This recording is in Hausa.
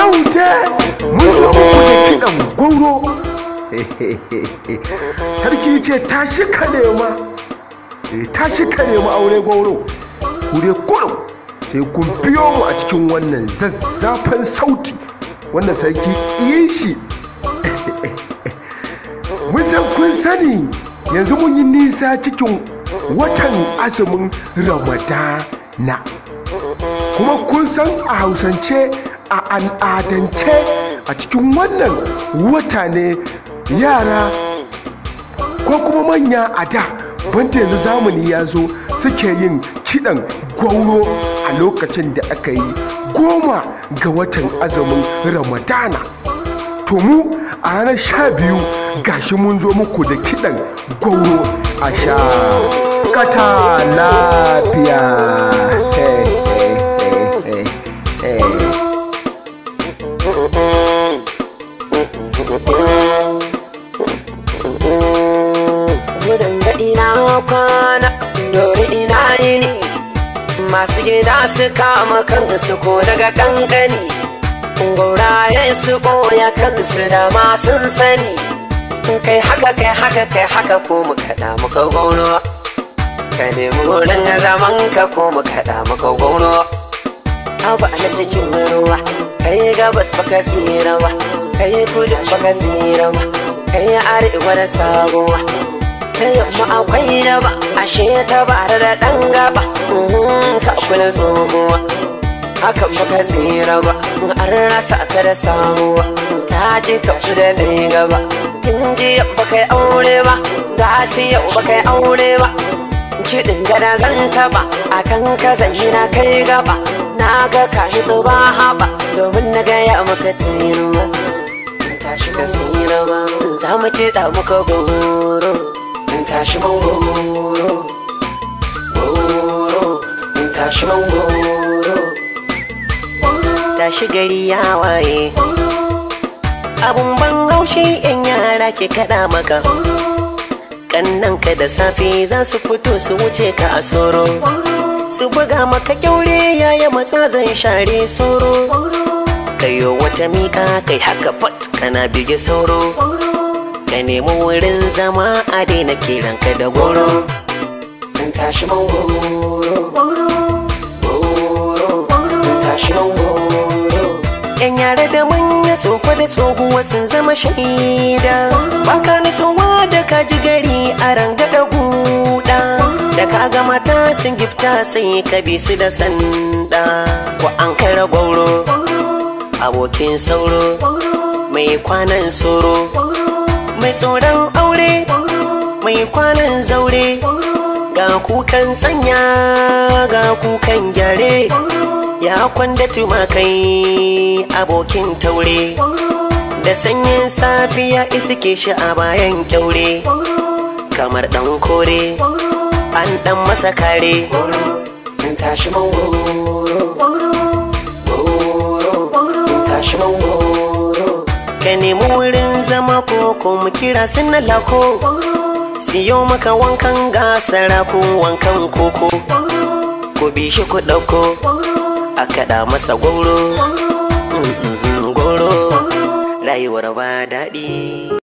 kyauce mun zo muku kiɗan sarki ce ta shika nema eh, nema aure goro kure kurum sai kun biyo mu a cikin wannan zazzafan sauti wannan sarki yin shi mun kun sani yanzu mun yi nisa cikin watan azumin ramadana kuma kun san a hausance a al'adance a cikin wannan wata ne yara ko kuma manya a da banta yanzu zamani ya zo suke yin kiɗan gwauro a lokacin da aka yi goma ga watan azumin ramadana to mu a ranar sha biyu gashi mun zo muku da kiɗan gwauro a sha kata lafiya hey. kwana dori ina yini masu gida su kama kansu ko daga kankani gauraye su koya kansu da masu sani kai haka kai haka kai haka ko mu kaɗa muka gauno ka nemi wurin zaman ka ko mu kaɗa muka gauno abu a cikin ruwa kai gabas baka tsira ba kai kudu baka tsira ba kai arewa da sabuwa ta yamma akwai raba ashe ta bara da ɗan gaba ka mm, kula tsohuwa hakan baka tsira ba an rasa da samuwa ta ji ta da ɗaya gaba tun jiya kai aure ba gasi yau baka aure ba kiɗin gada zan taɓa akan ka zanyi na kai gaba na ga kashi tsoba haɓa domin na gaya maka tairuwa tashi ka tsira ba za mu ce da muka goro tashi mangoro goro tashi mangoro tashi gari ya waye abun ban haushi yan yara ke kada maka kannan ka da safe za su fito su wuce ka a soro su buga maka kyaure yaya matsa zan share soro kayo wata mika kai haka fat kana bige sauro ka nemi wurin zama a daina kiran ka da goro in tashi man goro goro tashi yan yare da manya tsofa da tsohuwa sun zama shaida baka nutsuwa da ji gari a da guda da ka ga mata sun gifta sai ka bi su da sanda ko an kara gwauro abokin sauro mai kwanan tsoro. mai tsoron aure mai kwanan zaure ga kukan sanya ga kukan gyare ya kwanda tumakai abokin taure da sanyin safiya iske shi a bayan kyaure kamar dan kore an dan masa kare wurin ko mu kira sinna lako siyo maka wankan gasara ko wankan koko ko bi shi ku ɗauko a kaɗa masa gwauro mm, mm, mm, gwauro rayuwar ba daɗi